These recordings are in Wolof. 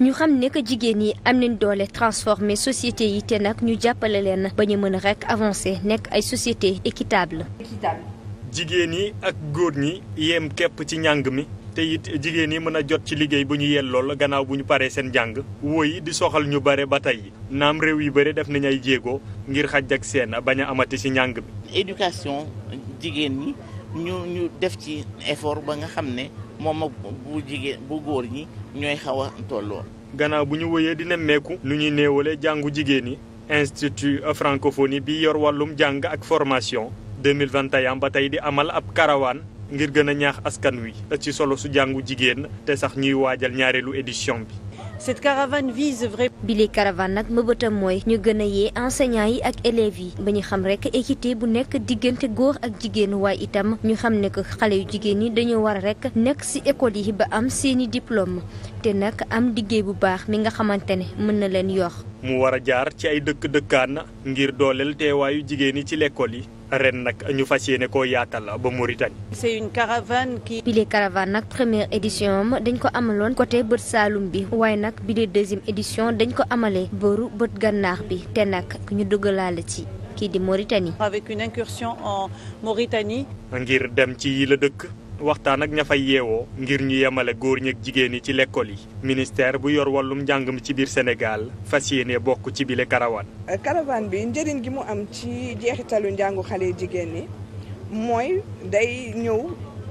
ñu xam nekk jigéen yi am nañ doole transformer société yi te nag ñu jàppale leen ba ñu mën a rek avancer nekk ay société équitable jigéen yi ak góor ñi yem képp ci njàng mi te jigéen yi mën a jot ci liggéey bu ñu yellool gannaaw bu ñu paree seen jàng wóoy yi di soxal ñu bare ba tey naam réew yu bare def nañu ay jéego ngir xaj ak seen bañ a amati ci njàng mi éducation jigéen ñi ñu ñu def ci effort ba nga xam ne moom ak bu jigéen bu góor ñi ñooy xaw a tolloo. gannaaw bu ñu wëyee di nemmeeku. lu ñuy néewale jàngu jigéen ñi. institut francophonie bi yor wàllum jàng ak formation. 2021 ba tey di amal ab karawaan ngir gën a ñaax askan wi. ci solo su jàngu jigéen te sax ñuy waajal ñaareelu édition bi. cette caravane vise vraiment. bi li caravane nag mëbëtam mooy ñu gën a yee enseignants yi ak élèves yi ba ñu xam rek équité bu nekk diggante góor ak jigéen waaye itam ñu xam ne que xale yu jigéen ñi dañoo war rek nekk ci école yi ba am seeni diplôme te nag am liggéey bu baax mi nga xamante ne mën na leen yox mu war a jaar ci ay dëkk dëkkaan ngir dooleel teewaayu jigéen ñi ci lekkool yi. ren nag ñu fas yéene koo yaatal ba Mauritanie. c'est une caravane qui. bile caravane nag première édition am dañ ko amaloon côté bët Saalum bi waaye nag bile deuxième édition dañ ko amalee booru bët gànnaar bi te nag ñu dugalaale ci. kii di Mauritanie. avec une incursion en Mauritanie. ngir dem ci yi la dëkk. waxtaan ak ña fay yeewoo ngir ñu yemale góor ñeek jigéen ñi ci lekkool yi ministère bu yor wàllum njàng mi ci biir Sénégal fas yéene bokk ci bile karawaan. karawaan bi njëriñ gi mu am ci jeexitalu njàngu xale jigéen ñi mooy day ñëw.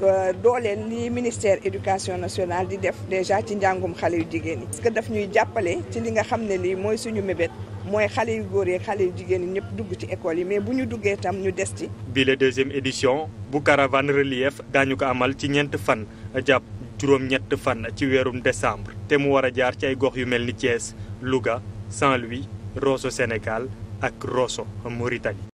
Euh, dooleel li ministère éducation nationale di def déjà ci njàngum xale yu jigéen yi. parce que daf ñuy jàppale ci li nga xam ne lii mooy suñu mébét mooy xale yu góor yeeg xale yu jigéen yi ñëpp dugg ci école yi mais bu ñu duggee tam ñu des ci. bii deuxième édition bu caravane relief daañu ko amal ci ñeent fan jàpp juróom-ñett fan ci weerum décembre. te mu war a jaar ci ay gox yu mel ni Thiès Louga Saint-Louis Rosso Sénégal ak Rosso Mauritanie.